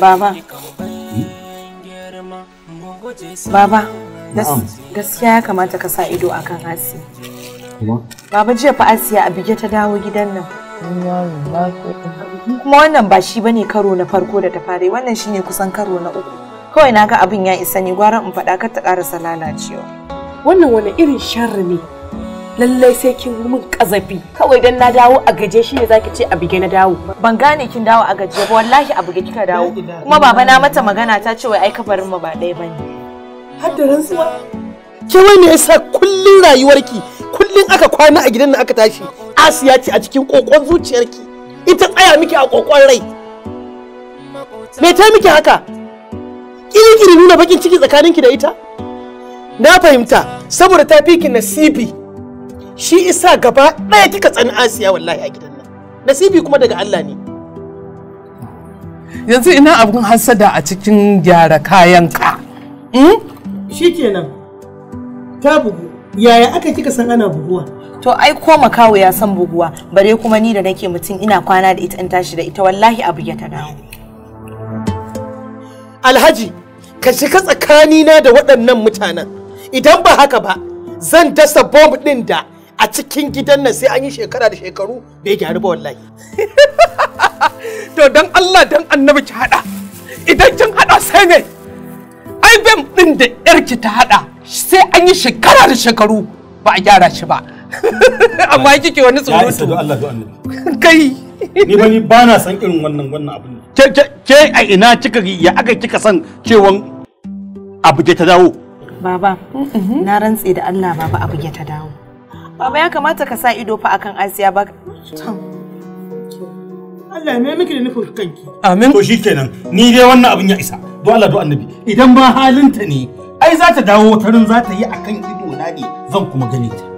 Baba. Baba, gaskiya ya kamata ka sa ido akan Asiya. Baba jiya fa Asiya a bige ta dawo gidan nan. Kuma wannan ba shi bane karo na farko da ta fare wannan shine kusan karo na uku. Kawai na ga abin ya isa ne gwara in faɗa kar ta ƙarasa lalacewa. Wannan wani irin sharri ne. lallai sai kin yi min kazafi kawai dan na dawo a gaje shi ne zaki ce a bige na dawo ban gane kin dawo a gaje ba wallahi a buge kika dawo kuma baba na mata magana ta ce wai ai kabarin mu ba ɗaya bane har da rantsuwa ke me yasa kullun rayuwarki kullun aka kwana a gidan nan aka tashi asiya ce a cikin kokon zuciyarki ita tsaya miki a kokon rai me ta miki haka kiri nuna bakin ciki tsakaninki da ita na fahimta saboda ta fi ki nasibi shi isa gaba ɗaya kika tsani asiya wallahi a gidan nan nasibi kuma daga Allah ne yanzu ina abin hasada a cikin gyara kayanka hmm? shikenan ta bugu yaya aka kika san ana buguwa to ai ko makawo ya san buguwa bare kuma ni da nake mutum ina kwana da ita in tashi da ita wallahi abu ya ta dawo alhaji ka shiga tsakanina da waɗannan mutanen idan ba haka ba zan dasa bomb ɗin da a cikin gidan nan sai an yi shekara da shekaru bai gyaru ba wallahi to dan Allah dan annabi ki hada idan kin hada sai ne ai bem din da yarki ta hada sai an yi shekara da shekaru ba a gyara shi ba amma kike wani tsoro to dan Allah dan annabi kai ni ba ni ba na san irin wannan wannan abin ke ke a ina kika ya aka kika san cewon abu ta dawo baba na rantse da Allah baba abu ta dawo Baba ya kamata ka sa ido fa akan Asiya ba. Allah ne miki da nufin kanki. Amin. To shikenan ni dai wannan abin ya isa. Don Allah do Annabi idan ba halinta ne ai za ta dawo tarin za ta yi akan ido na ne zan kuma gane ta.